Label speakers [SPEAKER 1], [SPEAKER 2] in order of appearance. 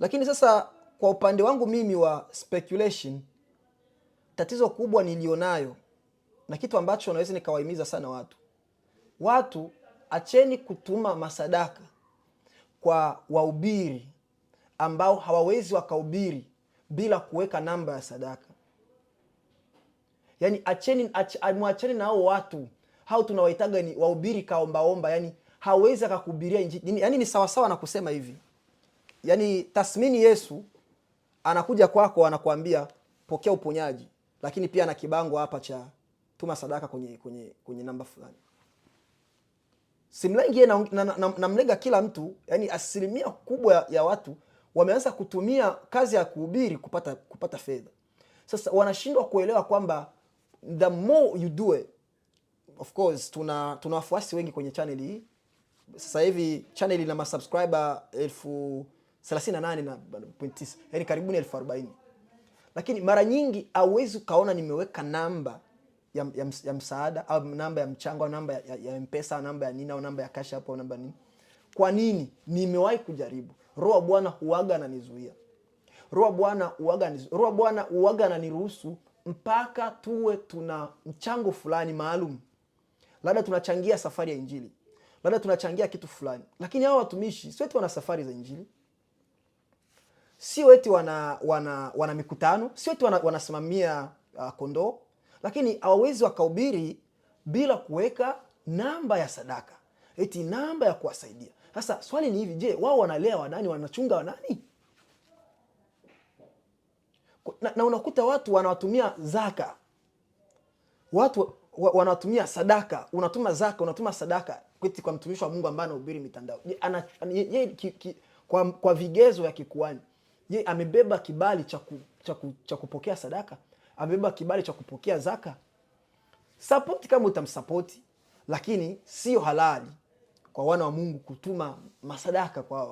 [SPEAKER 1] Lakini sasa kwa upande wangu mimi wa speculation, tatizo kubwa nilionayo na kitu ambacho naweza nikawahimiza sana watu, watu acheni kutuma masadaka kwa wahubiri ambao hawawezi wakahubiri bila kuweka namba ya sadaka. Yani acheni, ach, mwacheni na hao watu hao, tunawaitaga ni wahubiri kaombaomba, yani hawezi akakuhubiria Injili. Yani ni sawasawa na kusema hivi yani tasmini Yesu anakuja kwako, anakuambia pokea uponyaji, lakini pia ana kibango hapa cha tuma sadaka kwenye kwenye kwenye namba fulani. Simlengi namlenga na, na, kila mtu, yani asilimia kubwa ya watu wameanza kutumia kazi ya kuhubiri kupata kupata fedha. Sasa wanashindwa kuelewa kwamba the more you do it, of course tuna tuna wafuasi wengi kwenye chaneli hii sasa hivi, chaneli ina masubscribe elfu 38 na 9, yani karibuni elfu arobaini. Lakini mara nyingi hauwezi ukaona nimeweka namba ya, ya, ya msaada au namba ya mchango au namba ya, ya mpesa au namba ya nini au namba ya kasha hapo au namba nini. Kwa nini? Nimewahi kujaribu. Roho Bwana huaga ananizuia. Roho Bwana huaga, Roho Bwana huaga ananiruhusu mpaka tuwe tuna mchango fulani maalum, labda tunachangia safari ya Injili, labda tunachangia kitu fulani. Lakini hao watumishi si wetu wana safari za Injili sio eti wana, wana, wana mikutano, sio eti wana, wanasimamia uh, kondoo, lakini hawawezi wakahubiri bila kuweka namba ya sadaka, eti namba ya kuwasaidia. Sasa swali ni hivi, je, wao wanalea wanani? Wanachunga wanani? Na, na unakuta watu wanawatumia zaka, watu wa, wanawatumia sadaka, unatuma zaka, unatuma sadaka kwa mtumishi wa Mungu ambaye anahubiri mitandao, je, ana, ye, ye, ki, ki, kwa, kwa vigezo ya kikuani Je, amebeba kibali cha chaku, chaku, kupokea sadaka? Amebeba kibali cha kupokea zaka? Sapoti kama utamsapoti, lakini sio halali kwa wana wa Mungu kutuma masadaka kwa